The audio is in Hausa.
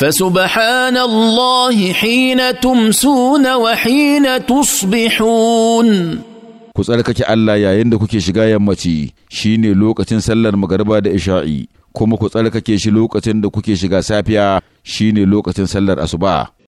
فسبحان الله حين تمسون وحين تصبحون ku tsarkake Allah yayin da kuke shiga yammaci shine lokacin sallar magarba da isha'i kuma ku tsarkake shi lokacin da kuke shiga safiya shine lokacin sallar asuba